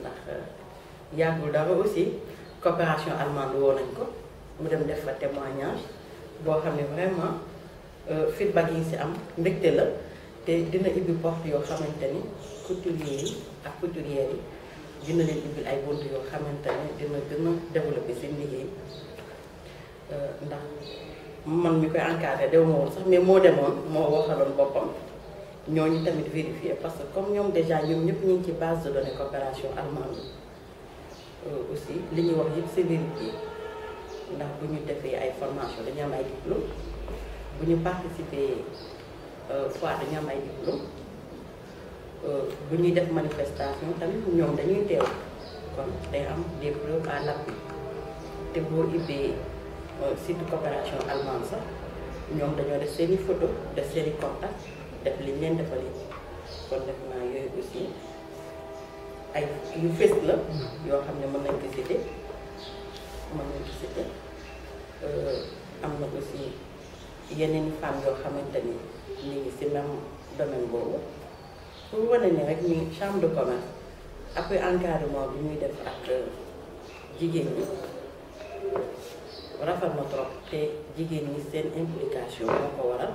ndax euh, yàggul dara aussi coopération allemande woo nañ ko mu dem def fa témoignage boo xam ne vraiment euh, feedback yi si am mbégte la te dina ibbi porte yoo xamante ni couturiers yi ak couturières yi dina leen ubbil ay bunt yoo xamante ne dina gën a développé seen liggéey euh, ndax man mi koy encadré de ma woon sax mais moo demoon moo waxaloon boppam ñooñu tamit vérifier parce que comme ñom déjà ñom ñep ñu ci base de données coopération allemande euh, aussi li ñuy wax yépp c'est vérifié ndax bu ñu defee ay formation dañu am ay diplôme bu ñu participer euh, fois dañu am ay diplôme euh, bu ñuy def manifestation tamit ñom dañuy téw kon day am des preuves à l'appui te boo ubbee euh, site coopération allemande sax ñoom dañoo def seeni photo def seeni contact def liñ leen defal yi kon def naa yooyu aussi ay yu fés la yoo xam ne mën nañ ko cité mën nañ ko cité am na aussi yeneen femmes yoo xamante ni ñu ngi si même domaine boobu pour wane ni rek ni chambre de commerce après encadrement bi ñuy def ak jigéen ñi rafet na trop te jigéen ñi seen implication moo ko waral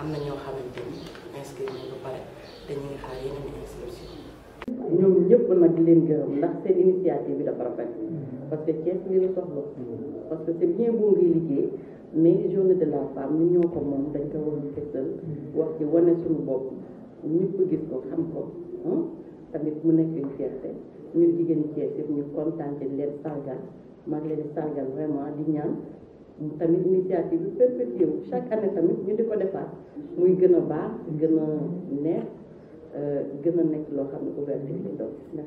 am na ñoo xamante ni inscrit ñoom ñëpp nag leen gërëm ndax seen initiative bi dafa rafet parce que Thiès li la soxla parce que bien beau ngay liggéey mais journée de la femme ko moom dañ ko war a wax ci wane suñu bopp ñëpp gis ko xam ko ah. tamit mu nekk une fierté ñun jigéen Thiès yëpp ñu kontaan ci leen sargal maa ngi leen sargal vraiment di ñaan tamit initiative bi perpétué chaque année tamit ñu di ko defaat muy gën a baax gën a neex euh, gën a nekk loo xam ne couverture bi doon